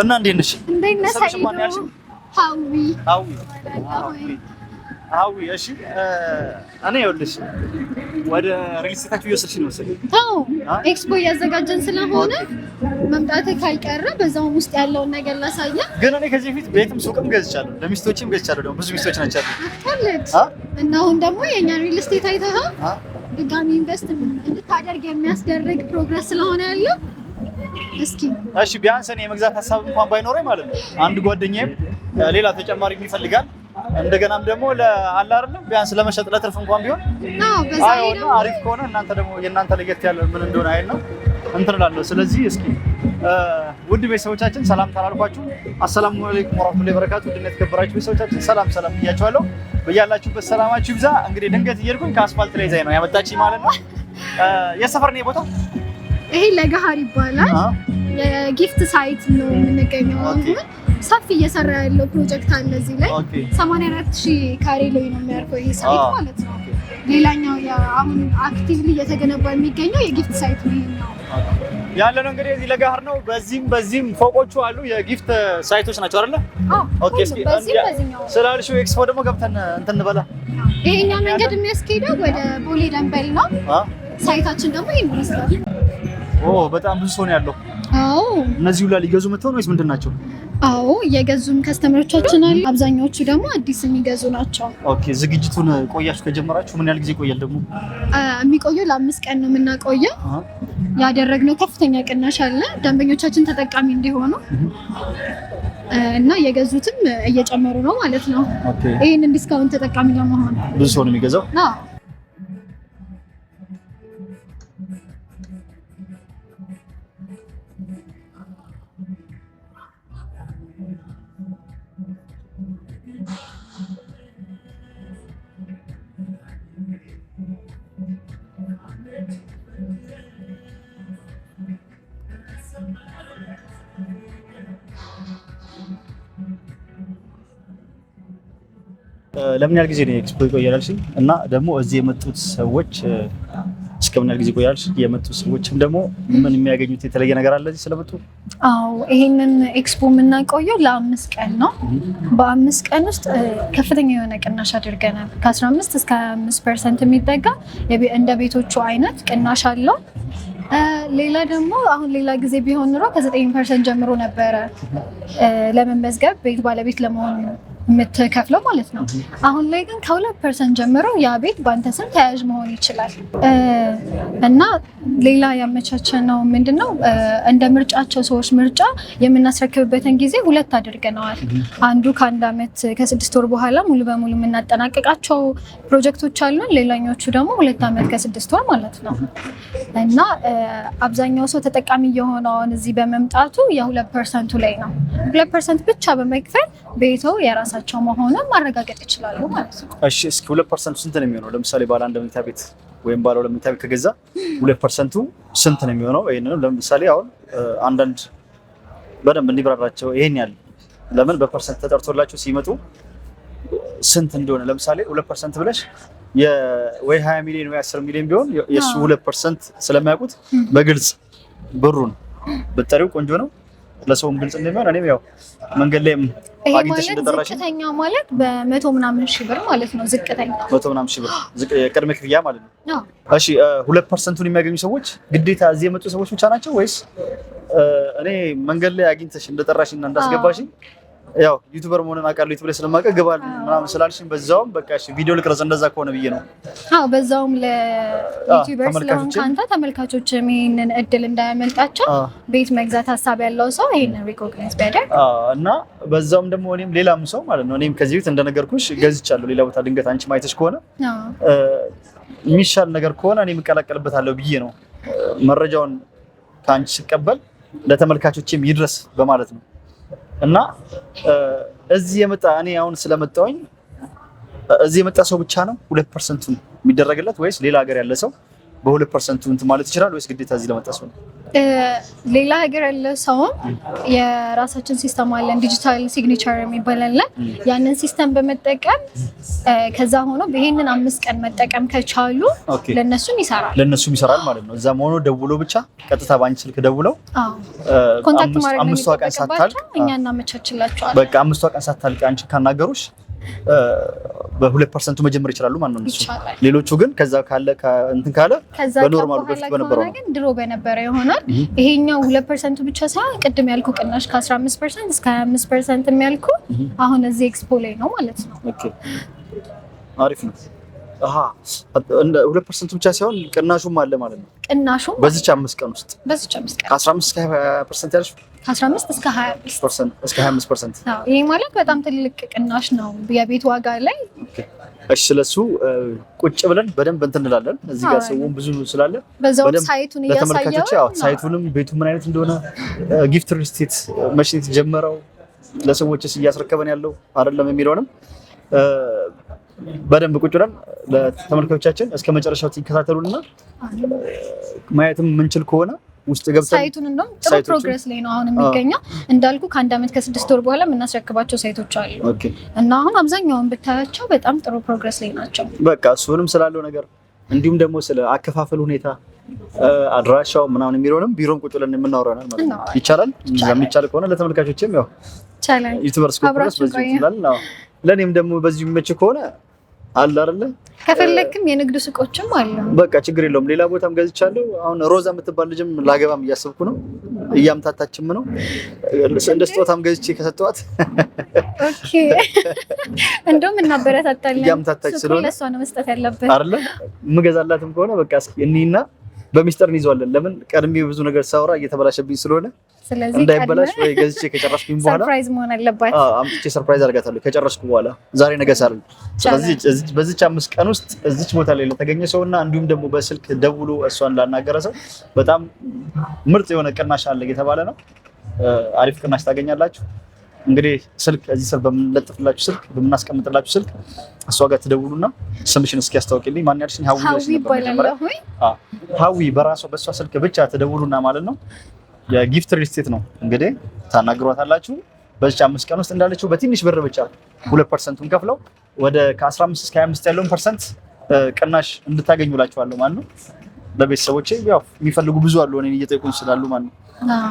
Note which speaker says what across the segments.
Speaker 1: እና እንዴት ነሽ? እንዴት እሺ እኔ ይኸውልሽ ወደ ሪል ስቴታችሁ እየወሰድሽ ነው መሰለኝ።
Speaker 2: አዎ ኤክስፖ እያዘጋጀን ስለሆነ መምጣት ካልቀረ በዛውም ውስጥ ያለውን ነገር ላሳየህ።
Speaker 1: ግን እኔ ከዚህ በፊት ቤትም ሱቅም ገዝቻለሁ፣ ለሚስቶችም ገዝቻለሁ። ደግሞ ብዙ ሚስቶች ናቸው
Speaker 2: አለች እና አሁን ደግሞ የእኛ ሪል ስቴት አይተኸው ድጋሚ ኢንቨስት እንድታደርግ የሚያስደርግ ፕሮግረስ ስለሆነ ያለው እስኪ
Speaker 1: እሺ ቢያንስ እኔ የመግዛት ሀሳብ እንኳን ባይኖረኝ ማለት ነው አንድ ጓደኛዬም ሌላ ተጨማሪ ይፈልጋል። እንደገናም ደግሞ ለአለ አይደለም ቢያንስ ለመሸጥ ለትርፍ እንኳን ቢሆን አይሆን አሪፍ ከሆነ እናንተ ደግሞ የእናንተ ለየት ያለ ምን እንደሆነ አይ ነው እንትን እላለሁ። ስለዚህ እስኪ ውድ ቤተሰቦቻችን ሰላም ታላልኳችሁ። አሰላሙ አለይኩም ወራህመቱላሂ ወበረካቱ። ውድ የተከበራችሁ ቤተሰቦቻችን ሰላም ሰላም እያችኋለሁ። በያላችሁበት ሰላማችሁ ይብዛ። እንግዲህ ድንገት እየሄድኩኝ ከአስፋልት ላይ ዘይ ነው ያመጣችኝ ማለት ነው የሰፈር ነው ቦታው
Speaker 2: ይሄ ለገሀር ይባላል። የጊፍት ሳይት ነው የምንገኘው። አሁን ሰፊ እየሰራ ያለው ፕሮጀክት አለ እዚህ ላይ 84 ሺህ ካሬ ላይ ነው የሚያርፈው ይሄ ሳይት ማለት ነው። ሌላኛው አሁን አክቲቭሊ እየተገነባ የሚገኘው የጊፍት ሳይት ነው ይሄ ነው
Speaker 1: ያለ ነው እንግዲህ እዚህ ለጋር ነው። በዚህም በዚህም ፎቆቹ አሉ የጊፍት ሳይቶች ናቸው አይደለ? ኦኬ። እስኪ ስላልሽው ኤክስፖ ደግሞ ገብተን እንትን እንበላ።
Speaker 2: ይሄኛው መንገድ የሚያስኬደው ወደ ቦሌ ደንበል ነው። ሳይታችን ደግሞ ይሄን ይመስላል።
Speaker 1: ኦ በጣም ብዙ ሰው ነው ያለው። አዎ እነዚህ ሁላ ሊገዙ መጥተው ነው ወይስ ምንድን ናቸው?
Speaker 2: አዎ እየገዙን ከስተመሮቻችን አሉ። አብዛኛዎቹ ደግሞ አዲስ የሚገዙ ናቸው።
Speaker 1: ኦኬ ዝግጅቱን ቆያችሁ ከጀመራችሁ ምን ያህል ጊዜ ይቆያል? ደግሞ
Speaker 2: የሚቆየው ለአምስት ቀን ነው የምናቆየው። ያደረግነው ከፍተኛ ቅናሽ አለ ደንበኞቻችን ተጠቃሚ እንዲሆኑ እና የገዙትም እየጨመሩ ነው ማለት ነው። ይህንን ዲስካውንት ተጠቃሚ ለመሆን
Speaker 1: ብዙ ሰው ነው የሚገዛው ለምን ያህል ጊዜ ነው ኤክስፖ ይቆያል እና ደግሞ እዚህ የመጡት ሰዎች እስከምን ያህል ጊዜ ይቆያል የመጡት ሰዎችም ደግሞ ምን የሚያገኙት የተለየ ነገር አለ እዚህ ስለመጡ?
Speaker 2: አዎ ይሄንን ኤክስፖ የምናቆየው ለአምስት ቀን ነው። በአምስት ቀን ውስጥ ከፍተኛ የሆነ ቅናሽ አድርገናል። ከ15 እስከ 25 ፐርሰንት የሚጠጋ እንደ ቤቶቹ አይነት ቅናሽ አለው። ሌላ ደግሞ አሁን ሌላ ጊዜ ቢሆን ኑሮ ከ9 ፐርሰንት ጀምሮ ነበረ ለመመዝገብ ቤት ባለቤት ለመሆን የምትከፍለው ማለት ነው። አሁን ላይ ግን ከሁለት ፐርሰንት ጀምሮ ያ ቤት በአንተ ስም ተያዥ መሆን ይችላል እና ሌላ ያመቻቸነው ምንድን ነው እንደ ምርጫቸው ሰዎች ምርጫ የምናስረክብበትን ጊዜ ሁለት አድርገነዋል። አንዱ ከአንድ ዓመት ከስድስት ወር በኋላ ሙሉ በሙሉ የምናጠናቀቃቸው ፕሮጀክቶች አሉን። ሌላኞቹ ደግሞ ሁለት ዓመት ከስድስት ወር ማለት ነው እና አብዛኛው ሰው ተጠቃሚ የሆነውን እዚህ በመምጣቱ የሁለት ፐርሰንቱ ላይ ነው። ሁለት ፐርሰንት ብቻ በመክፈል ቤቶ የራ የራሳቸው መሆኑን ማረጋገጥ ይችላሉ ማለት
Speaker 1: ነው። እሺ እስኪ ሁለት ፐርሰንቱ ስንት ነው የሚሆነው? ለምሳሌ ባለ አንድ መኝታ ቤት ወይም ባለ ሁለት መኝታ ቤት ከገዛ ሁለት ፐርሰንቱ ስንት ነው የሚሆነው? ይህንንም ለምሳሌ አሁን አንዳንድ በደንብ እንዲብራራቸው ይህን ያህል ለምን በፐርሰንት ተጠርቶላቸው ሲመጡ ስንት እንደሆነ ለምሳሌ ሁለት ፐርሰንት ብለሽ ወይ ሀያ ሚሊዮን ወይ አስር ሚሊዮን ቢሆን የእሱ ሁለት ፐርሰንት ስለማያውቁት በግልጽ ብሩን ብጠሪው ቆንጆ ነው ለሰውም ግልጽ እንደሚሆን እኔም ያው መንገድ ላይም
Speaker 2: አግኝተሽ እንደጠራሽ ዝቅተኛ ማለት በመቶ ምናምን ሺህ ብር ማለት ነው። ዝቅተኛ
Speaker 1: መቶ ምናምን ሺህ ብር ቅድመ ክፍያ ማለት ነው። እሺ ሁለት ፐርሰንቱን የሚያገኙ ሰዎች ግዴታ እዚህ የመጡ ሰዎች ብቻ ናቸው ወይስ እኔ መንገድ ላይ አግኝተሽ እንደጠራሽ እና እንዳስገባሽ ያው ዩቲዩበር መሆንን አውቃለሁ ዩቲዩብ ላይ ስለማውቀው ግባል ምናምን ስላልሽኝ በዛውም በቃ እሺ ቪዲዮ ልቅረጽ እንደዛ ከሆነ ብዬ ነው።
Speaker 2: አዎ በዛውም ለዩቲዩበር ስለሆንክ አንተ ተመልካቾች ይሄንን እድል እንዳያመልጣቸው ቤት መግዛት ሀሳብ ያለው ሰው ይሄንን ሪኮግናይዝ ቢያደርግ
Speaker 1: እና በዛውም ደግሞ እኔም ሌላም ሰው ማለት ነው እኔም ከዚህ ቤት እንደነገርኩሽ ገዝቻለሁ ሌላ ቦታ ድንገት አንቺ ማየትሽ ከሆነ የሚሻል ነገር ከሆነ እኔ እቀላቀልበታለሁ ብዬ ነው መረጃውን ከአንቺ ስቀበል ለተመልካቾችም ይድረስ በማለት ነው። እና እዚህ የመጣ እኔ አሁን ስለመጣውኝ እዚህ የመጣ ሰው ብቻ ነው ሁለት ፐርሰንቱን የሚደረግለት ወይስ ሌላ ሀገር ያለ ሰው በሁለት ፐርሰንቱ እንትን ማለት ይችላል ወይስ ግዴታ እዚህ ለመጣ ሰው ነው?
Speaker 2: ሌላ ሀገር ያለ ሰውም የራሳችን ሲስተም አለን። ዲጂታል ሲግኔቸር የሚባል አለን። ያንን ሲስተም በመጠቀም ከዛ ሆኖ ይሄንን አምስት ቀን መጠቀም ከቻሉ ለእነሱም ይሰራል
Speaker 1: ለእነሱም ይሰራል ማለት ነው። እዛም ሆኖ ደውሎ ብቻ ቀጥታ በአንድ ስልክ ደውለው ኮንታክት ማድረግ ነው የሚጠበቅባቸው።
Speaker 2: እኛ እናመቻችላቸዋል።
Speaker 1: በቃ አምስቷ ቀን ሳታልቅ አንቺ ካናገሩሽ በሁለት ፐርሰንቱ መጀመር ይችላሉ ማለት ነው። ሌሎቹ ግን ከዛ ካለ እንትን
Speaker 2: ካለ በኖርማሉ በፊት በነበረው ግን ድሮ በነበረ ይሆናል። ይሄኛው ሁለት ፐርሰንቱ ብቻ ሳይሆን ቅድም ያልኩ ቅናሽ ከ15 ፐርሰንት እስከ 25 ፐርሰንት የሚያልኩ አሁን እዚህ ኤክስፖ ላይ ነው ማለት ነው።
Speaker 1: አሪፍ ነው። ሁለት ፐርሰንት ብቻ ሳይሆን ቅናሹም አለ ማለት ነው። ቅናሹም በዚች አምስት ቀን ውስጥ
Speaker 2: በዚች ማለት በጣም ትልቅ ቅናሽ ነው የቤት ዋጋ ላይ።
Speaker 1: እሺ ስለሱ ቁጭ ብለን በደንብ እንትን እንላለን። እዚህ ጋር ሰውም ብዙ ስላለ በዛውም ሳይቱንም ቤቱ ምን አይነት እንደሆነ ጊፍት ሪል ስቴት መቼ የተጀመረው ለሰዎችስ እያስረከበን ያለው አይደለም የሚለውንም በደንብ ቁጭ ብለን ለተመልካቾቻችን እስከ መጨረሻው ይከታተሉና ማየትም የምንችል ከሆነ ውስጥ ገብተን
Speaker 2: ሳይቱን እንደውም ጥሩ ፕሮግረስ ላይ ነው አሁን የሚገኘው። እንዳልኩ ከአንድ አመት ከስድስት ወር በኋላ የምናስረክባቸው ሳይቶች አሉ እና አሁን አብዛኛውን ብታያቸው በጣም ጥሩ ፕሮግረስ ላይ ናቸው።
Speaker 1: በቃ እሱንም ስላለው ነገር እንዲሁም ደግሞ ስለ አከፋፈል ሁኔታ አድራሻው ምናምን የሚለውንም ቢሮም ቁጭ ብለን የምናወራው ማለት ነው። ይቻላል የሚቻል ከሆነ ለተመልካቾችም ያው ዩቲዩበርስ ኮንፈረንስ በዚህ ይችላል። ለእኔም ደግሞ በዚህ የሚመች ከሆነ አለ አይደለ?
Speaker 2: ከፈለክም የንግድ ሱቆችም አሉ።
Speaker 1: በቃ ችግር የለውም። ሌላ ቦታም ገዝቻለሁ። አሁን ሮዛ የምትባል ልጅም ላገባም እያሰብኩ ነው። እያምታታችም ነው። እንደ ስጦታም ገዝቼ ከሰጠዋት
Speaker 2: ኦኬ፣ እንደውም እናበረታታለን። እያምታታች ስለሆነ ለእሷ ነው መስጠት ያለብን አይደለ?
Speaker 1: የምገዛላትም ከሆነ በቃ እስኪ እኒና በሚስጥር እንይዘዋለን። ለምን ቀድሜ ብዙ ነገር ሳውራ እየተበላሸብኝ ስለሆነ እንዳይበላሽ ወይ ገዝቼ ከጨረስኩኝ
Speaker 2: በኋላ ሰርፕራይዝ መሆን አለባት።
Speaker 1: አምጥቼ ሰርፕራይዝ አድርጋታለሁ ከጨረስኩ በኋላ ዛሬ ነገ ሳልል። ስለዚህ በዚች አምስት ቀን ውስጥ እዚች ቦታ ላይ ለተገኘ ሰው እና እንዲሁም ደግሞ በስልክ ደውሎ እሷን ላናገረ ሰው በጣም ምርጥ የሆነ ቅናሽ አለ እየተባለ ነው። አሪፍ ቅናሽ ታገኛላችሁ። እንግዲህ ስልክ እዚህ ስልክ በምንለጥፍላችሁ ስልክ በምናስቀምጥላችሁ ስልክ እሷ ጋር ትደውሉና ስምሽን እስኪ ያስታወቂልኝ ማን ያልሽኝ ሀዊ በራሷ በእሷ ስልክ ብቻ ትደውሉና ማለት ነው የጊፍት ሪል ስቴት ነው እንግዲህ ታናግሯታላችሁ በዚች አምስት ቀን ውስጥ እንዳለችው በትንሽ ብር ብቻ ሁለት ፐርሰንቱን ከፍለው ወደ ከ15 እስከ 25 ያለውን ፐርሰንት ቅናሽ እንድታገኙላችኋለሁ ማለት ነው ለቤተሰቦቼ ያው የሚፈልጉ ብዙ አሉ፣ እኔን እየጠየቁኝ ስላሉ ማለት ነው።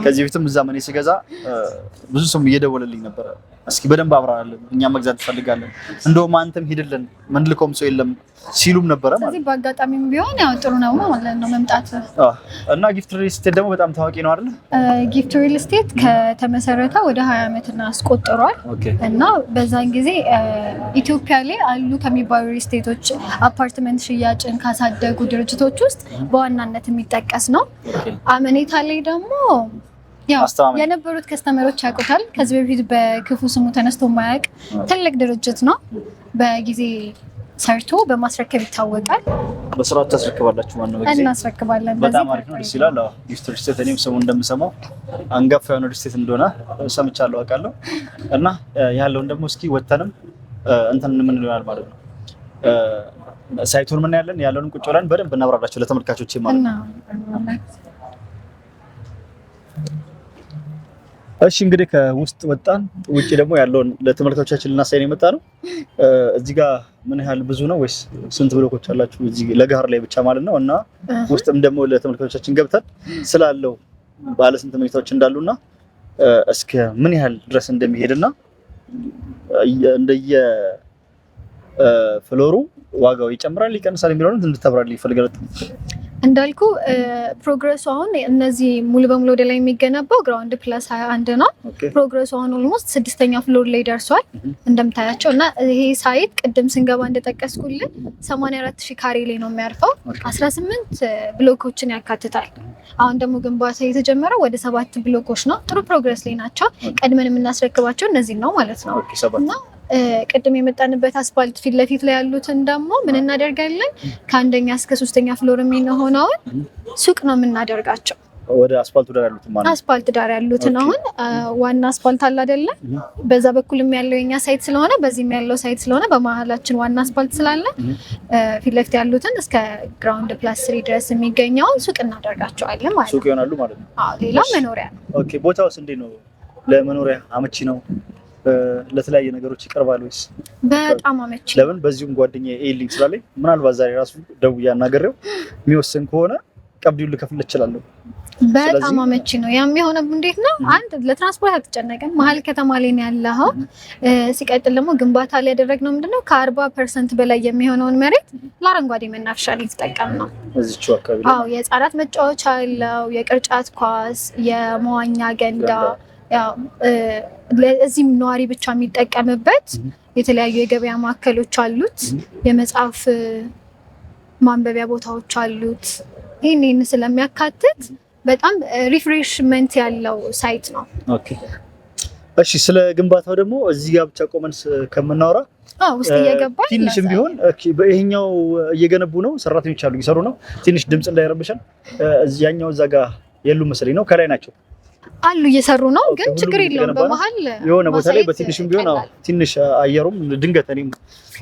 Speaker 1: ከዚህ በፊትም እዛ እኔ ስገዛ ብዙ ሰው እየደወለልኝ ነበረ እስኪ በደንብ አብራራለን፣ እኛ መግዛት እንፈልጋለን፣ እንደውም አንተም ሂድልን፣ ምንልከውም ሰው የለም ሲሉም ነበረ
Speaker 2: ማለት ነው። በአጋጣሚም ቢሆን ያው ጥሩ ነው ማለት ነው መምጣት
Speaker 1: እና ጊፍት ሪል ስቴት ደግሞ በጣም ታዋቂ ነው አይደል?
Speaker 2: ጊፍት ሪል ስቴት ከተመሰረተ ወደ ሀያ እና አስቆጥሯል እና በዛን ጊዜ ኢትዮጵያ ላይ አሉ ከሚባሉ ሪል ስቴቶች አፓርትመንት ሽያጭን ካሳደጉ ድርጅቶች ውስጥ በዋናነት የሚጠቀስ ነው። አመኔታ ላይ ደግሞ የነበሩት ከስተመሮች ያውቁታል። ከዚህ በፊት በክፉ ስሙ ተነስቶ ማያውቅ ትልቅ ድርጅት ነው። በጊዜ ሰርቶ በማስረከብ ይታወቃል።
Speaker 1: በስራው ታስረክባላችሁ? ዋናው
Speaker 2: ነው። እናስረክባለን።
Speaker 1: በጣም አሪፍ ነው፣ ደስ ይላል። ዩስት ስቴት እኔም ስሙ እንደምሰማው አንጋፋ የሆነ ሪል እንደሆነ ሰምቻለሁ፣ አውቃለሁ። እና ያለውን ደግሞ እስኪ ወተንም እንትን ምን ይሆናል ማለት ነው ሳይቱን ምን ያለን ያለውን ቁጭ ብለን በደንብ እናብራራቸው ለተመልካቾች ማለት ነው። እሺ እንግዲህ ከውስጥ ወጣን። ውጭ ደግሞ ያለውን ለተመልካቾቻችን ልናሳይን የመጣ ነው። እዚህ ጋር ምን ያህል ብዙ ነው ወይስ ስንት ብሎኮች አላችሁ? እዚህ ለጋር ላይ ብቻ ማለት ነው። እና ውስጥም ደግሞ ለተመልካቾቻችን ገብተን ስላለው ባለ ስንት መኝታዎች እንዳሉና እስከ ምን ያህል ድረስ እንደሚሄድና እንደየ ፍሎሩ ዋጋው ይጨምራል ይቀንሳል የሚለውን እንድታብራሪ ይፈልጋል።
Speaker 2: እንዳልኩ ፕሮግረሱ አሁን እነዚህ ሙሉ በሙሉ ወደ ላይ የሚገነባው ግራውንድ ፕለስ ሀያ አንድ ነው። ፕሮግረሱ አሁን ኦልሞስት ስድስተኛ ፍሎር ላይ ደርሷል እንደምታያቸው እና ይሄ ሳይት ቅድም ስንገባ እንደጠቀስኩልን ሰማንያ አራት ሺህ ካሬ ላይ ነው የሚያርፈው። አስራ ስምንት ብሎኮችን ያካትታል። አሁን ደግሞ ግንባታ የተጀመረው ወደ ሰባት ብሎኮች ነው። ጥሩ ፕሮግረስ ላይ ናቸው። ቀድመን የምናስረክባቸው እነዚህ ነው ማለት ነው እና ቅድም የመጣንበት አስፋልት ፊት ለፊት ላይ ያሉትን ደግሞ ምን እናደርጋለን? ከአንደኛ እስከ ሶስተኛ ፍሎር የሚሆነውን ሱቅ ነው የምናደርጋቸው።
Speaker 1: ወደ አስፋልቱ ዳር ያሉትን
Speaker 2: ማለት አስፋልት ዳር ያሉትን አሁን ዋና አስፋልት አለ አይደለ? በዛ በኩልም ያለው የኛ ሳይት ስለሆነ በዚህም ያለው ሳይት ስለሆነ በመሀላችን ዋና አስፋልት ስላለ ፊት ለፊት ያሉትን እስከ ግራውንድ ፕላስ ስሪ ድረስ የሚገኘውን ሱቅ እናደርጋቸዋለን
Speaker 1: ማለት ሱቅ ይሆናሉ ማለት ነው።
Speaker 2: ሌላ መኖሪያ ነው።
Speaker 1: ኦኬ ቦታውስ እንዴት ነው? ለመኖሪያ አመቺ ነው? ለተለያየ ነገሮች ይቀርባል ወይስ?
Speaker 2: በጣም አመቺ።
Speaker 1: ለምን በዚሁም ጓደኛ ኤልኝ ስላለኝ ምናልባት ዛሬ ራሱ ደውዬ አናግሬው የሚወስን ከሆነ ቀብዲው ልከፍል እችላለሁ።
Speaker 2: በጣም አመቺ ነው። ያም የሆነው እንዴት ነው? አንድ ለትራንስፖርት አትጨነቅም። መሀል ከተማ ላይ ነው ያለኸው። ሲቀጥል ደግሞ ግንባታ ላይ ያደረግነው ምንድነው ከአርባ ፐርሰንት በላይ የሚሆነውን መሬት ለአረንጓዴ መናፈሻ ሊጠቀም ነው። አዎ የህፃናት መጫወቻ አለው፣ የቅርጫት ኳስ፣ የመዋኛ ገንዳ እዚህም ነዋሪ ብቻ የሚጠቀምበት የተለያዩ የገበያ ማዕከሎች አሉት። የመጽሐፍ ማንበቢያ ቦታዎች አሉት። ይህን ይህን ስለሚያካትት በጣም ሪፍሬሽመንት ያለው ሳይት ነው።
Speaker 1: እሺ፣ ስለ ግንባታው ደግሞ እዚህ ጋር ብቻ ቆመን ከምናወራ ውስጥ እየገባ ትንሽም ቢሆን ይሄኛው እየገነቡ ነው፣ ሰራተኞች አሉ፣ እየሰሩ ነው። ትንሽ ድምፅ እንዳይረብሻል። ያኛው እዛ ጋር የሉም መሰለኝ ነው፣ ከላይ ናቸው።
Speaker 2: አሉ እየሰሩ ነው፣ ግን ችግር የለውም። በመሀል
Speaker 1: የሆነ ቦታ ላይ በትንሽም ቢሆን ትንሽ አየሩም ድንገት እኔም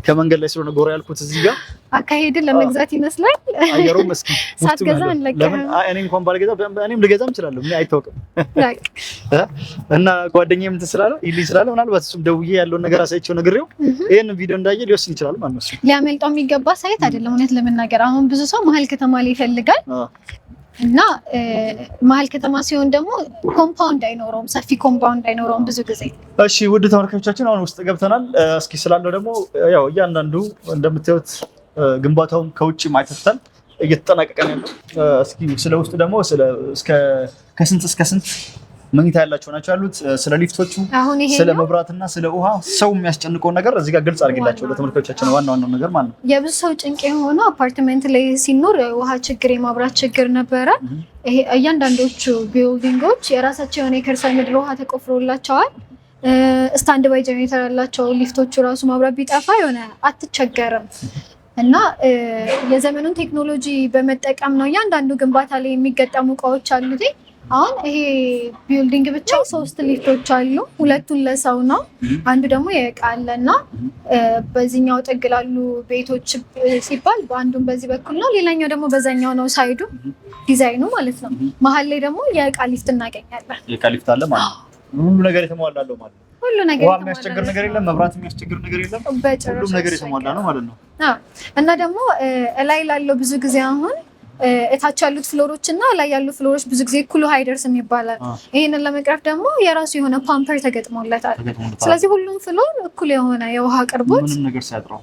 Speaker 1: ከመንገድ ላይ ስለሆነ ጎራ ያልኩት እዚህ ጋር
Speaker 2: አካሄድን ለመግዛት ይመስላል።
Speaker 1: አየሩም እስኪ ሳትገዛ ለምን እኔ እንኳን ባልገዛ እኔም ልገዛም እችላለሁ። ምን አይታወቅም። እና ጓደኛዬም እንትን ስላለ ይልኝ ስላለ ምናልባት እሱም ደውዬ ያለውን ነገር አሳይቸው ነግሬው ይህን ቪዲዮ እንዳየ ሊወስን ይችላል ማለት ነው።
Speaker 2: ሊያመልጠው የሚገባ ሳይት አይደለም እውነት ለመናገር አሁን ብዙ ሰው መሀል ከተማ ላይ ይፈልጋል እና መሀል ከተማ ሲሆን ደግሞ ኮምፓውንድ አይኖረውም፣ ሰፊ ኮምፓውንድ አይኖረውም ብዙ ጊዜ።
Speaker 1: እሺ ውድ ተመልካቾቻችን አሁን ውስጥ ገብተናል። እስኪ ስላለው ደግሞ ያው እያንዳንዱ እንደምታዩት ግንባታውን ከውጭ ማይተተን እየተጠናቀቀ ነው። እስኪ ስለ ውስጥ ደግሞ ከስንት እስከ ስንት መኝታ ያላቸው ናቸው ያሉት። ስለ ሊፍቶቹ፣ ስለ መብራትና ስለ ውሃ ሰው የሚያስጨንቀውን ነገር እዚህ ጋር ግልጽ አድርጌላቸው ለተመልካቾቻችን ዋና
Speaker 2: ዋናው ነገር ማለት ነው። የብዙ ሰው ጭንቅ የሆነ አፓርትመንት ላይ ሲኖር የውሃ ችግር፣ የማብራት ችግር ነበረ። ይሄ እያንዳንዶቹ ቢልዲንጎች የራሳቸው የሆነ የከርሰ ምድር ውሃ ተቆፍሮላቸዋል። ስታንድ ባይ ጀኔሬተር ያላቸው ሊፍቶቹ ራሱ ማብራት ቢጠፋ የሆነ አትቸገርም። እና የዘመኑን ቴክኖሎጂ በመጠቀም ነው እያንዳንዱ ግንባታ ላይ የሚገጠሙ እቃዎች አሉት። አሁን ይሄ ቢልዲንግ ብቻ ሶስት ሊፍቶች አሉ። ሁለቱን ለሰው ነው፣ አንዱ ደግሞ የእቃ አለ እና በዚህኛው ጥግ ላሉ ቤቶች ሲባል በአንዱም በዚህ በኩል ነው፣ ሌላኛው ደግሞ በዛኛው ነው። ሳይዱ ዲዛይኑ ማለት ነው። መሀል ላይ ደግሞ የእቃ ሊፍት እናገኛለን።
Speaker 1: የእቃ ሊፍት አለ ማለት ሁሉ ነገር የተሟላለው ማለት ነው። ሁሉ ነገር ውሃ የሚያስቸግር ነገር የለም፣ መብራት የሚያስቸግር ነገር የለም። ሁሉም ነገር የተሟላ ነው
Speaker 2: ማለት ነው። እና ደግሞ እላይ ላለው ብዙ ጊዜ አሁን እታች ያሉት ፍሎሮች እና ላይ ያሉ ፍሎሮች ብዙ ጊዜ እኩል ውሃ አይደርስም ይባላል። ይህንን ለመቅረፍ ደግሞ የራሱ የሆነ ፓምፐር ተገጥሞለታል። ስለዚህ ሁሉም ፍሎር እኩል የሆነ የውሃ አቅርቦት ምንም ነገር
Speaker 1: ሲያጥረው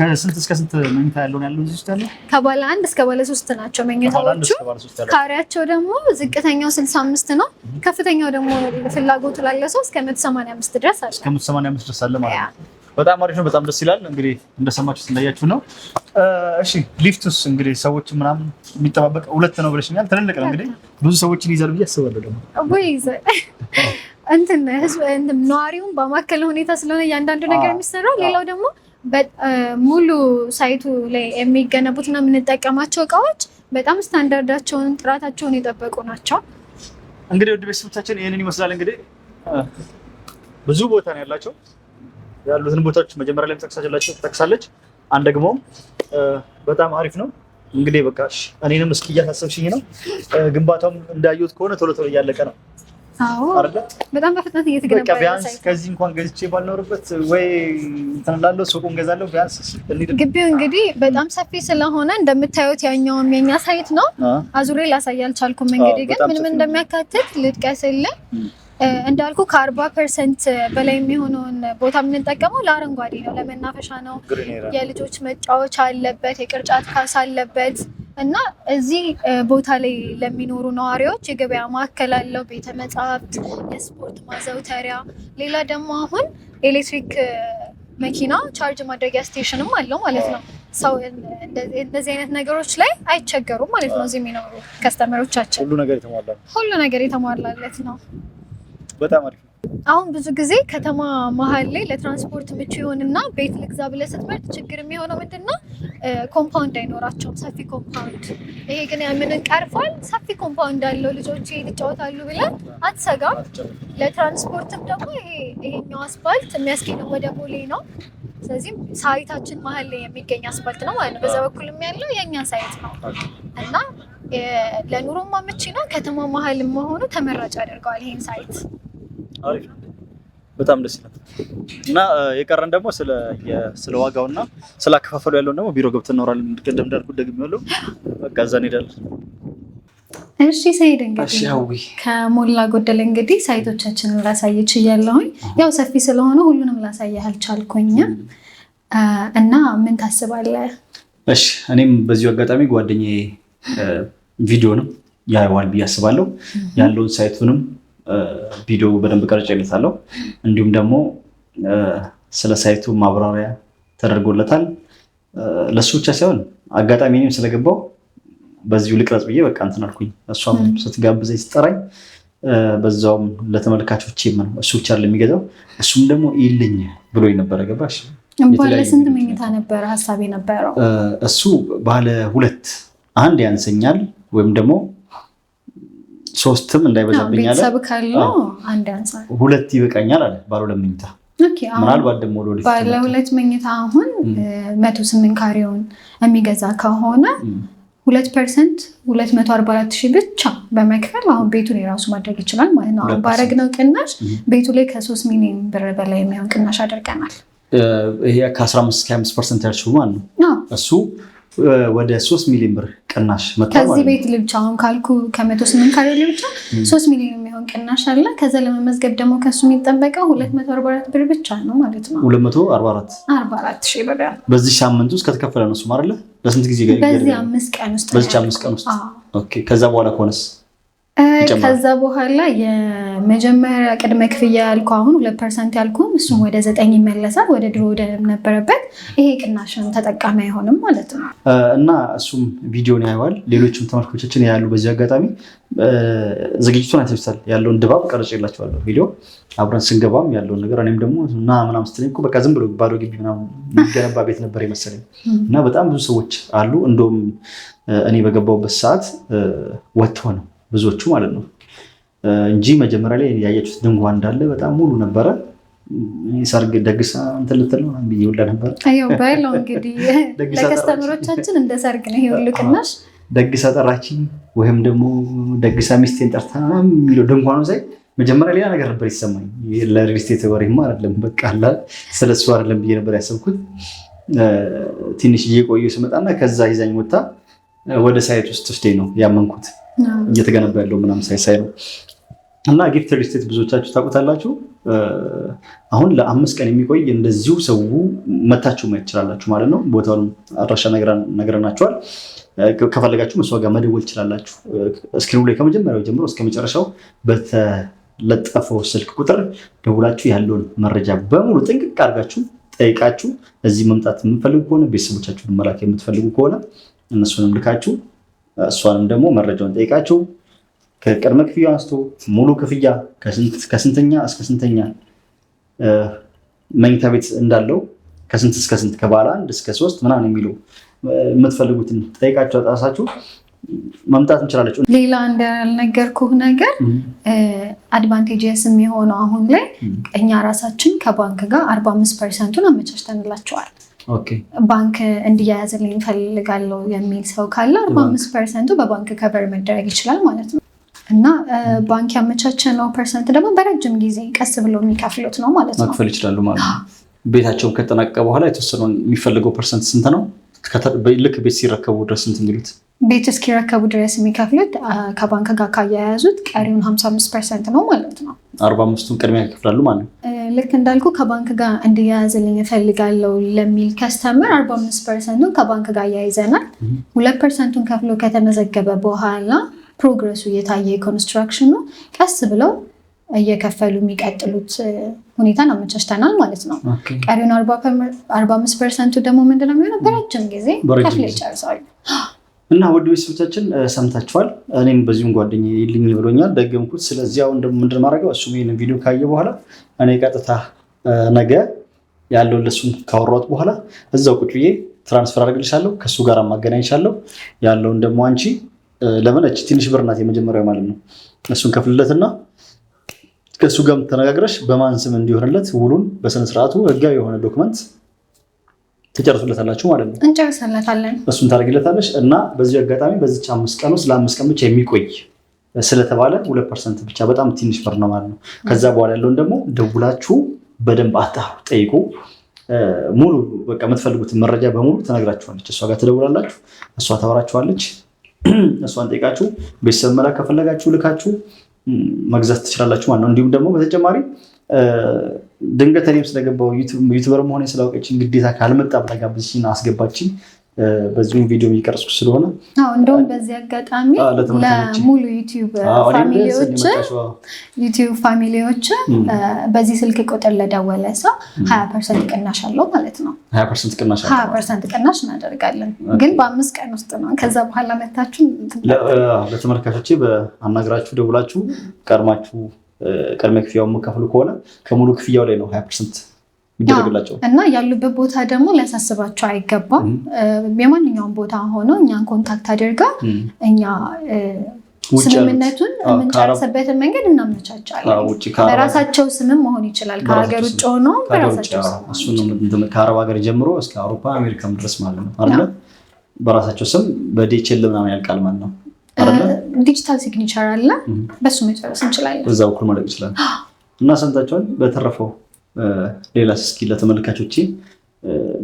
Speaker 1: ከስንት እስከ ስንት መኝታ ያለውን ያለው
Speaker 2: ከባለ አንድ እስከ ባለ ሶስት ናቸው መኝታዎቹ። ካሬያቸው ደግሞ ዝቅተኛው ስልሳ አምስት ነው። ከፍተኛው ደግሞ ፍላጎቱ ላለ ሰው እስከ መቶ ሰማንያ አምስት ድረስ አለ።
Speaker 1: እስከ መቶ ሰማንያ አምስት ድረስ አለ ማለት ነው። በጣም አሪፍ ነው። በጣም ደስ ይላል። እንግዲህ እንደሰማችሁት እንዳያችሁ ነው። እሺ ሊፍቱስ እንግዲህ ሰዎች ምናምን የሚጠባበቅ ሁለት ነው ብለሽኛል። ትልልቅ ነው እንግዲህ ብዙ ሰዎችን ይዛል ብዬ አስባለሁ። ደግሞ
Speaker 2: እንትን ነዋሪውን በማከለ ሁኔታ ስለሆነ እያንዳንዱ ነገር የሚሰራው ሌላው ደግሞ ሙሉ ሳይቱ ላይ የሚገነቡትና የምንጠቀማቸው እቃዎች በጣም ስታንዳርዳቸውን ጥራታቸውን የጠበቁ ናቸው።
Speaker 1: እንግዲህ ውድ ቤተሰቦቻችን ይህንን ይመስላል። እንግዲህ ብዙ ቦታ ነው ያላቸው ያሉትን ቦታዎች መጀመሪያ ላይ ጠቅሳችላቸው ጠቅሳለች። አንድ ደግሞ በጣም አሪፍ ነው። እንግዲህ በቃ እኔንም እስኪ እያሳሰብሽኝ ነው። ግንባታውም እንዳየሁት ከሆነ ቶሎ ቶሎ እያለቀ ነው።
Speaker 2: በጣም በፍጥነት እየተገነባ
Speaker 1: ቢያንስ ከዚህ እንኳን ገዝቼ ባልኖርበት ወይ እንትን እላለሁ ሱቁን ገዛለሁ። ቢያንስ
Speaker 2: ግቢው እንግዲህ በጣም ሰፊ ስለሆነ እንደምታዩት ያኛውም የኛ ሳይት ነው። አዙሬ ላሳይ አልቻልኩም። እንግዲህ ግን ምን ምን እንደሚያካትት ልጥቀስልን እንዳልኩ ከአርባ ፐርሰንት በላይ የሚሆነውን ቦታ የምንጠቀመው ለአረንጓዴ ነው፣ ለመናፈሻ ነው። የልጆች መጫወቻ አለበት፣ የቅርጫት ካስ አለበት እና እዚህ ቦታ ላይ ለሚኖሩ ነዋሪዎች የገበያ ማዕከል አለው፣ ቤተ መጽሐፍት፣ የስፖርት ማዘውተሪያ፣ ሌላ ደግሞ አሁን ኤሌክትሪክ መኪና ቻርጅ ማድረጊያ ስቴሽንም አለው ማለት ነው። ሰው እንደዚህ አይነት ነገሮች ላይ አይቸገሩም ማለት ነው። እዚህ የሚኖሩ ከስተመሮቻችን
Speaker 1: ሁሉ
Speaker 2: ነገር የተሟላለት ነው። በጣም አሪፍ ነው። አሁን ብዙ ጊዜ ከተማ መሀል ላይ ለትራንስፖርት ምቹ ይሆንና ቤት ልግዛ ብለህ ስትመርጥ ችግር የሚሆነው ምንድን ነው? ኮምፓውንድ አይኖራቸውም፣ ሰፊ ኮምፓውንድ። ይሄ ግን ያምንን ቀርፏል። ሰፊ ኮምፓውንድ አለው፣ ልጆች ይጫወታሉ ብለን አትሰጋም። ለትራንስፖርትም ደግሞ ይሄኛው አስፋልት የሚያስኬደው ወደ ቦሌ ነው። ስለዚህም ሳይታችን መሀል ላይ የሚገኝ አስፋልት ነው ማለት ነው። በዛ በኩልም ያለው የእኛ ሳይት ነው እና ለኑሮማ ምቹ ነው። ከተማ መሀል መሆኑ ተመራጭ ያደርገዋል ይሄን ሳይት
Speaker 1: አሪፍ ነው። በጣም ደስ ይላል። እና የቀረን ደግሞ ስለ ዋጋው እና ስለ አከፋፈሉ ያለውን ደግሞ ቢሮ ገብተን እናወራለን። ቅድም እንዳልኩ ደግሞ ያለው በቃ እዛ እንሄዳለን።
Speaker 2: እሺ ሰይድ፣ እንግዲህ ከሞላ ጎደል እንግዲህ ሳይቶቻችንን ላሳየች ችያለሁኝ። ያው ሰፊ ስለሆነ ሁሉንም ላሳይህ አልቻልኩኝም እና ምን ታስባለህ?
Speaker 1: እሺ እኔም በዚሁ አጋጣሚ ጓደኛዬ ቪዲዮ ነው ያየዋል ብዬ አስባለሁ ያለውን ሳይቱንም ቪዲዮ በደንብ ቀርጬለታለሁ። እንዲሁም ደግሞ ስለ ሳይቱ ማብራሪያ ተደርጎለታል። ለእሱ ብቻ ሳይሆን አጋጣሚ እኔም ስለገባው በዚሁ ልቅረጽ ብዬ በቃ እንትን አልኩኝ። እሷም ስትጋብዘኝ ስጠራኝ በዛውም ለተመልካቾች ነው እሱ ብቻ ለሚገዛው እሱም ደግሞ ይልኝ ብሎ ነበረ። ገባሽ?
Speaker 2: ባለ ስንት መኝታ ነበረ ሀሳብ የነበረው?
Speaker 1: እሱ ባለ ሁለት አንድ ያንሰኛል ወይም ደግሞ ሶስትም እንዳይበዛብኝ
Speaker 2: አለ። ቤተሰብ ካለው አንድ አንፃር
Speaker 1: ሁለት ይበቃኛል አለ። ባለ ሁለት መኝታ ምናልባት ደግሞ
Speaker 2: ባለ ሁለት መኝታ አሁን መቶ ስምንት ካሬውን የሚገዛ ከሆነ ሁለት ፐርሰንት ሁለት መቶ አርባ አራት ሺህ ብቻ በመክፈል አሁን ቤቱን የራሱ ማድረግ ይችላል ማለት ነው። አሁን ባረግነው ቅናሽ ቤቱ ላይ ከሶስት ሚሊዮን ብር በላይ የሚሆን ቅናሽ አድርገናል።
Speaker 1: ይሄ ከአስራ አምስት ከሀያ አምስት ፐርሰንት ያልሽው ማለት ነው እሱ ወደ ሶስት ሚሊዮን ብር ቅናሽ
Speaker 2: ከዚህ ቤት ልብቻ አሁን ካልኩ ከመቶ ስምንት ካሬ ልብቻ ሶስት ሚሊዮን የሚሆን ቅናሽ አለ። ከዛ ለመመዝገብ ደግሞ ከሱ የሚጠበቀው ሁለት መቶ አርባ አራት ብር ብቻ ነው ማለት ነው።
Speaker 1: ሁለት መቶ አርባ አራት
Speaker 2: አርባ አራት ሺህ ብር
Speaker 1: በዚህ ሳምንት ውስጥ ከተከፈለ ነው። እሱም አይደለ ለስንት ጊዜ?
Speaker 2: በዚህ አምስት ቀን ውስጥ
Speaker 1: በዚህ አምስት ቀን ውስጥ። ከዛ በኋላ ከሆነስ
Speaker 2: ከዛ በኋላ የመጀመሪያ ቅድመ ክፍያ ያልኩ አሁን ሁለት ፐርሰንት ያልኩም እሱም ወደ ዘጠኝ ይመለሳል ወደ ድሮ ወደ ነበረበት። ይሄ ቅናሽን ተጠቃሚ አይሆንም ማለት
Speaker 1: ነው እና እሱም ቪዲዮን ያየዋል፣ ሌሎችም ተመልካቾችን ያሉ። በዚህ አጋጣሚ ዝግጅቱን አይተውታል፣ ያለውን ድባብ ቀርጬላቸዋለሁ። ቪዲዮ አብረን ስንገባም ያለውን ነገር እኔም ደግሞ እና ምናምን ስትለኝ እኮ በቃ ዝም ብሎ ባዶ ግቢ ምናምን የሚገነባ ቤት ነበር የመሰለኝ እና በጣም ብዙ ሰዎች አሉ። እንደውም እኔ በገባውበት ሰዓት ወጥቶ ነው ብዙዎቹ ማለት ነው እንጂ መጀመሪያ ላይ ያያችሁት ድንኳን እንዳለ በጣም ሙሉ ነበረ። ሰርግ ደግሳ እንትን ልትል ነው ብዬ ሁላ ነበረ
Speaker 2: ባይለው እንግዲህ ለከስተምሮቻችን እንደ ሰርግ ነው ይሄ ቅናሽ
Speaker 1: ደግሳ ጠራችኝ ወይም ደግሞ ደግሳ ሚስቴን ጠርታ የሚለው ድንኳኑ ሳይ መጀመሪያ ሌላ ነገር ነበር ይሰማኝ። ለሪል ስቴት ወሬማ አይደለም በቃ አላ ስለሱ አይደለም ብዬ ነበር ያሰብኩት። ትንሽ እየቆየ ስመጣና ከዛ ይዛኝ ወታ ወደ ሳይት ውስጥ ስቴ ነው ያመንኩት እየተገነባ ያለው ምናም ሳይ ሳይ ነው እና ጊፍት ሪስቴት ብዙዎቻችሁ ታውቁታላችሁ። አሁን ለአምስት ቀን የሚቆይ እንደዚሁ ሰው መታችሁ ማየት ትችላላችሁ ማለት ነው። ቦታውንም አድራሻ ነግረናችኋል። ከፈለጋችሁ መስዋ ጋር መደወል ትችላላችሁ። እስክሪኑ ላይ ከመጀመሪያው ጀምሮ እስከ መጨረሻው በተለጠፈው ስልክ ቁጥር ደውላችሁ ያለውን መረጃ በሙሉ ጥንቅቅ አድርጋችሁ ጠይቃችሁ እዚህ መምጣት የምትፈልጉ ከሆነ ቤተሰቦቻችሁ መላክ የምትፈልጉ ከሆነ እነሱንም ልካችሁ እሷንም ደግሞ መረጃውን ጠይቃችሁ ከቅድመ ክፍያ አንስቶ ሙሉ ክፍያ ከስንተኛ እስከ ስንተኛ መኝታ ቤት እንዳለው ከስንት እስከ ስንት ከባለ አንድ እስከ ሶስት ምናምን የሚሉ የምትፈልጉትን ጠይቃችሁ አጣሳችሁ መምጣት እንችላለች።
Speaker 2: ሌላ እንዳልነገርኩህ ነገር አድቫንቴጅስ የሚሆነው አሁን ላይ እኛ ራሳችን ከባንክ ጋር አርባ አምስት ፐርሰንቱን አመቻችተንላቸዋል። ባንክ እንዲያያዝልኝ እፈልጋለሁ የሚል ሰው ካለ አርባ አምስት ፐርሰንቱ በባንክ ከበር መደረግ ይችላል ማለት ነው። እና ባንክ ያመቻቸነው ፐርሰንት ደግሞ በረጅም ጊዜ ቀስ ብለው የሚከፍሉት ነው ማለት ነው።
Speaker 1: መክፈል ይችላሉ ማለት ነው። ቤታቸውን በኋላ የተወሰነውን የሚፈልገው ፐርሰንት ስንት ነው? ልክ ቤት ሲረከቡ ድረስ ስንት የሚሉት
Speaker 2: ቤት እስኪረከቡ ድረስ የሚከፍሉት ከባንክ ጋር ካያያዙት ቀሪውን 55 ፐርሰንት ነው ማለት ነው።
Speaker 1: አርባ አምስቱን ቅድሚያ ይከፍላሉ ማለት
Speaker 2: ነው። ልክ እንዳልኩ ከባንክ ጋር እንዲያያዝልኝ እፈልጋለሁ ለሚል ከስተመር አርባ አምስት ፐርሰንቱን ከባንክ ጋር አያይዘናል። ሁለት ፐርሰንቱን ከፍሎ ከተመዘገበ በኋላ ፕሮግረሱ እየታየ ኮንስትራክሽኑ ቀስ ብለው እየከፈሉ የሚቀጥሉት ሁኔታን አመቻችተናል ማለት ነው። ቀሪውን አርባ አምስት ፐርሰንቱ ደግሞ ምንድን ነው የሚሆነው በረጅም ጊዜ ከፍለ ይጨርሰዋል።
Speaker 1: እና ውድ ቤተሰቦቻችን ሰምታችኋል። እኔም በዚሁም ጓደኛ ይልኝ ብሎኛል፣ ደገምኩት። ስለዚህ አሁን ደግሞ ምንድን ማድረገው እሱ ይህን ቪዲዮ ካየ በኋላ እኔ ቀጥታ ነገ ያለው ለሱም ካወራሁት በኋላ እዛው ቁጭ ብዬ ትራንስፈር አድርግልሻለሁ፣ ከእሱ ጋር ማገናኝሻለሁ። ያለውን ደግሞ አንቺ ለምን እች ትንሽ ብር ናት የመጀመሪያው ማለት ነው እሱን ከፍልለትና ከእሱ ጋር ተነጋግረሽ በማን ስም እንዲሆንለት ውሉን በስነስርዓቱ ህጋዊ የሆነ ዶክመንት ትጨርሱለታላችሁ ማለት
Speaker 2: ነው። እንጨርሰለታለን።
Speaker 1: እሱን ታደርግለታለች እና በዚህ አጋጣሚ በዚች አምስት ቀን ውስጥ ለአምስት ቀን ብቻ የሚቆይ ስለተባለ ሁለት ፐርሰንት ብቻ በጣም ትንሽ ብር ነው ማለት ነው። ከዛ በኋላ ያለውን ደግሞ ደውላችሁ በደንብ አጣሩ፣ ጠይቁ። ሙሉ በቃ የምትፈልጉትን መረጃ በሙሉ ትነግራችኋለች። እሷ ጋር ትደውላላችሁ፣ እሷ ታወራችኋለች። እሷን ጠይቃችሁ ቤተሰብ መላክ ከፈለጋችሁ ልካችሁ መግዛት ትችላላችሁ ማለት ነው። እንዲሁም ደግሞ በተጨማሪ ድንገት እኔም ስለገባው ዩቱበር መሆኔ ስላወቀችኝ ግዴታ ካልመጣ ብላ ጋብዝሽና አስገባችኝ። በዚሁም ቪዲዮ እየቀረጽኩ ስለሆነ
Speaker 2: እንደውም በዚህ አጋጣሚ ለሙሉ ዩቲዩብ ፋሚሊዎች ዩቲዩብ ፋሚሊዎች በዚህ ስልክ ቁጥር ለደወለ ሰው ሀያ ፐርሰንት ቅናሽ አለው ማለት ነው። ሀያ ፐርሰንት ቅናሽ እናደርጋለን፣ ግን በአምስት ቀን ውስጥ ነው። ከዛ በኋላ መታችሁ
Speaker 1: ለተመልካቾቼ በአናግራችሁ ደውላችሁ ቀድማችሁ ቅድመ ክፍያው የምከፍሉ ከሆነ ከሙሉ ክፍያው ላይ ነው ሀያ ፐርሰንት
Speaker 2: ይደረግላቸው እና ያሉበት ቦታ ደግሞ ሊያሳስባቸው አይገባም። የማንኛውም ቦታ ሆኖ እኛን ኮንታክት አድርጋ እኛ ስምምነቱን የምንጨርስበትን መንገድ እናመቻቻለን። በራሳቸው ስምም መሆን ይችላል። ከሀገር ውጭ ሆኖ
Speaker 1: ከአረብ ሀገር ጀምሮ እስከ አውሮፓ አሜሪካም ድረስ ማለት ነው አለ በራሳቸው ስም በዴችል ምናምን ያልቃል ማለት ነው።
Speaker 2: ዲጂታል ሲግኒቸር አለ፣ በሱ መጨረስ እንችላለን።
Speaker 1: እዛ በኩል ማለቅ ይችላል እና ሰምታቸውን በተረፈው ሌላ እስኪ ለተመልካቾች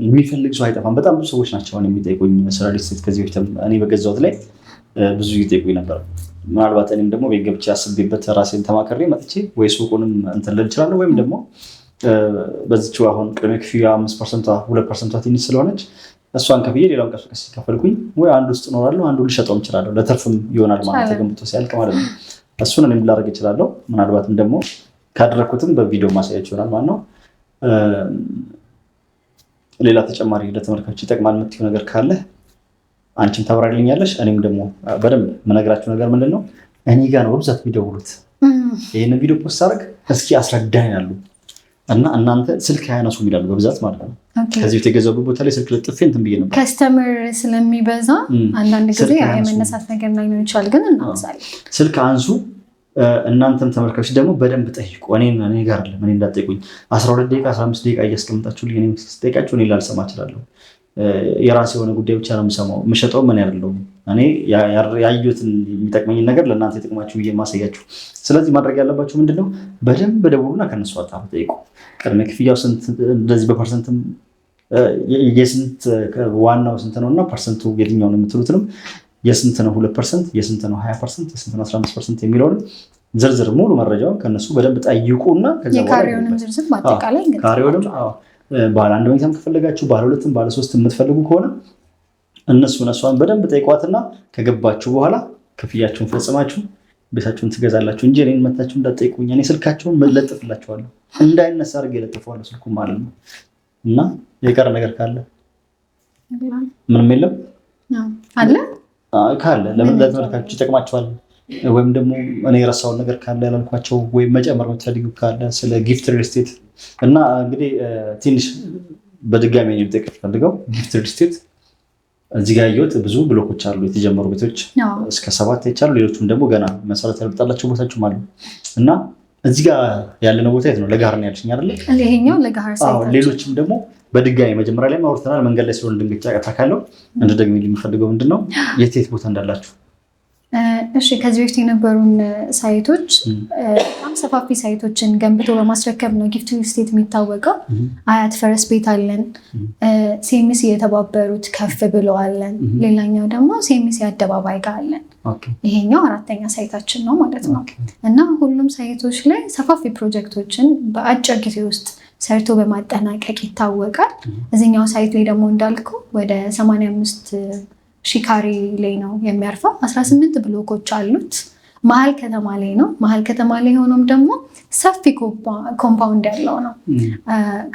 Speaker 1: የሚፈልግ ሰው አይጠፋም። በጣም ብዙ ሰዎች ናቸው አሁን የሚጠይቁኝ ስራ ሊስት ከዚህ በፊት እኔ በገዛሁት ላይ ብዙ ይጠይቁኝ ነበር። ምናልባት እኔም ደግሞ ቤት ገብቼ አስቤበት ራሴን ተማከሬ መጥቼ ወይ ሱቁንም እንትን ልል እችላለሁ ወይም ደግሞ በዚች አሁን ቅድመ ክፍያ አምስት ፐርሰንቷ ሁለት ፐርሰንቷ ትንሽ ስለሆነች እሷን ከፍዬ ሌላውን ቀስ በቀስ ሲከፈልኩኝ ወይ አንዱ ውስጥ እኖራለሁ አንዱ ልሸጠውም እችላለሁ። ለተርፍም ይሆናል ማለት ተገንብቶ ሲያልቅ ማለት ነው። እሱን እኔም ላደርግ እችላለሁ ምናልባትም ደግሞ ካደረግኩትም በቪዲዮ ማሳያችሁ ይሆናል ማለት ነው። ሌላ ተጨማሪ ለተመልካች ይጠቅማል የምትይው ነገር ካለ አንቺም ታብራሪልኛለሽ። እኔም ደግሞ በደንብ የምነግራችሁ ነገር ምንድን ነው፣ እኔ ጋ ነው በብዛት የሚደውሉት። ይህን ቪዲዮ ፖስት አድርግ እስኪ አስረዳኝ ያሉ እና እናንተ ስልክ አያነሱ ይላሉ በብዛት ማለት ነው። ከዚህ የተገዛው ቦታ ላይ ስልክ ልጥፌ እንትን
Speaker 2: ብዬ ነበር። ከስተምር ስለሚበዛ አንዳንድ ጊዜ የመነሳት ነገር ላይኖር ይችላል፣ ግን እናንሳለን።
Speaker 1: ስልክ አንሱ እናንተም ተመልካቾች ደግሞ በደንብ ጠይቁ። እኔን እኔ ጋር አለ እኔ እንዳጠይቁኝ አስራ ሁለት ደቂቃ አስራ አምስት ደቂቃ እያስቀምጣችሁ ልኝ ስጠይቃችሁ እኔ ላልሰማ እችላለሁ። የራሴ የሆነ ጉዳይ ብቻ ነው የምሰማው። የምሸጠው ምን ያለው እኔ ያዩትን የሚጠቅመኝን ነገር ለእናንተ የጥቅማችሁ ብዬ ማሳያችሁ። ስለዚህ ማድረግ ያለባችሁ ምንድነው በደንብ ደውሉና ከነሱ አጣ ጠይቁ። ቅድመ ክፍያው ስንት እንደዚህ በፐርሰንትም የስንት ዋናው ስንት ነው እና ፐርሰንቱ የትኛው ነው የምትሉትንም የስንት ነው ሁለት ፐርሰንት፣ የስንት ነው ሀያ ፐርሰንት፣ የስንት ነው አስራ አምስት ፐርሰንት የሚለውን ዝርዝር ሙሉ መረጃውን ከነሱ በደንብ
Speaker 2: እና ካሬውንም
Speaker 1: ባለ አንድ መኝታም ከፈለጋችሁ ባለ ሁለትም ባለ ሶስት የምትፈልጉ ከሆነ እነሱ እነሷን በደንብ ጠይቋትና ከገባችሁ በኋላ ክፍያችሁን ፈጽማችሁ ቤታችሁን ትገዛላችሁ እንጂ እኔን መታችሁ እንዳትጠይቁኝ። እኔ ስልካችሁን ለጥፍላችኋለሁ እንዳይነሳ አድርጌ ለጥፈዋለሁ ስልኩ ማለት ነው። እና የቀረ ነገር ካለ ምንም የለም አለ ካለ ለምን ለትምህርታችሁ ይጠቅማቸዋል ወይም ደግሞ እኔ የረሳውን ነገር ካለ ያላልኳቸው ወይም መጨመር የምትፈልጊ ካለ ስለ ጊፍት ሪል ስቴት እና እንግዲህ ትንሽ በድጋሚ ጠቅ ፈልገው ጊፍት ሪል ስቴት እዚህ ጋር ያየሁት ብዙ ብሎኮች አሉ የተጀመሩ ቤቶች እስከ ሰባት ይቻሉ ሌሎቹም ደግሞ ገና መሰረት ያልመጣላቸው ቦታችም አሉ እና እዚህ ጋር ያለነው ቦታ የት ነው? ለጋር ነው ያልሽኝ አይደለ? ሌሎችም ደግሞ በድጋሚ መጀመሪያ ላይ አውርተናል። መንገድ ላይ ሲሆን ድንግጫ ያታካለው እንደ ደግሞ የሚፈልገው ምንድን ነው የት የት ቦታ እንዳላችሁ።
Speaker 2: እሺ ከዚህ በፊት የነበሩን ሳይቶች በጣም ሰፋፊ ሳይቶችን ገንብቶ በማስረከብ ነው ጊፍት ስቴት የሚታወቀው። አያት ፈረስ ቤት አለን፣ ሴሚስ የተባበሩት ከፍ ብሎ አለን። ሌላኛው ደግሞ ሴሚስ አደባባይ ጋር አለን። ይሄኛው አራተኛ ሳይታችን ነው ማለት ነው እና ሁሉም ሳይቶች ላይ ሰፋፊ ፕሮጀክቶችን በአጭር ጊዜ ውስጥ ሰርቶ በማጠናቀቅ ይታወቃል። እዚኛው ሳይት ላይ ደግሞ እንዳልኩ ወደ 85 ሺህ ካሬ ላይ ነው የሚያርፈው። 18 ብሎኮች አሉት። መሀል ከተማ ላይ ነው። መሀል ከተማ ላይ ሆኖም ደግሞ ሰፊ ኮምፓውንድ ያለው ነው።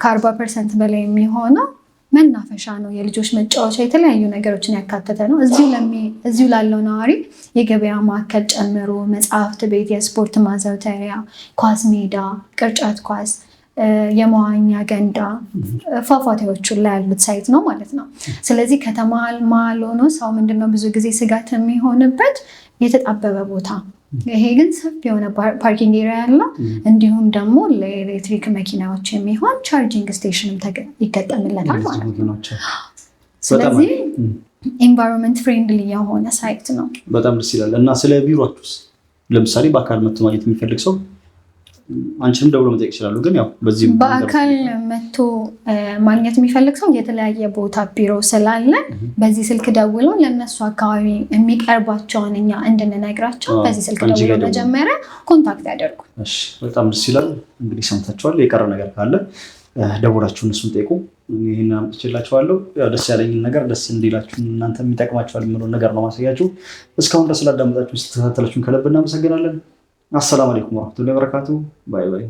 Speaker 2: ከአርባ ፐርሰንት በላይ የሚሆነው መናፈሻ ነው። የልጆች መጫወቻ፣ የተለያዩ ነገሮችን ያካተተ ነው። እዚሁ ላለው ነዋሪ የገበያ ማዕከል ጨምሮ መጽሐፍት ቤት፣ የስፖርት ማዘውተሪያ፣ ኳስ ሜዳ፣ ቅርጫት ኳስ የመዋኛ ገንዳ ፏፏቴዎቹ ላይ ያሉት ሳይት ነው ማለት ነው። ስለዚህ ከተማል መሀል ሆኖ ሰው ምንድነው ብዙ ጊዜ ስጋት የሚሆንበት የተጣበበ ቦታ ይሄ ግን ሰፊ የሆነ ፓርኪንግ ኤሪያ ያለው እንዲሁም ደግሞ ለኤሌክትሪክ መኪናዎች የሚሆን ቻርጂንግ ስቴሽንም ይገጠምለታል ማለት ነው። ስለዚህ ፍሬንድሊ የሆነ ሳይት ነው።
Speaker 1: በጣም ደስ ይላል። እና ስለ ቢሮችስ ለምሳሌ በአካል መተማኘት የሚፈልግ ሰው አንቺንም ደውሎ መጠየቅ ይችላሉ። ግን
Speaker 2: ያው በዚህ በአካል መጥቶ ማግኘት የሚፈልግ ሰው የተለያየ ቦታ ቢሮ ስላለ በዚህ ስልክ ደውሎ ለእነሱ አካባቢ የሚቀርባቸውን እኛ እንድንነግራቸው በዚህ ስልክ ደውሎ መጀመሪያ ኮንታክት ያደርጉ።
Speaker 1: በጣም ደስ ይላል። እንግዲህ ሰምታችኋል። የቀረ ነገር ካለ ደውላችሁ እነሱን ጠይቁ። ይህን አምጥቼላችኋለሁ። ደስ ያለኝን ነገር ደስ እንዲላችሁ እናንተ የሚጠቅማችኋል የምለውን ነገር ነው ማሳያችሁ። እስካሁን ድረስ ስላዳመጣችሁ ስተከታተላችሁን ከልብ እናመሰግናለን። አሰላሙ አለይኩም ወረህመቱላሂ ወበረካቱ። ባይ ባይ።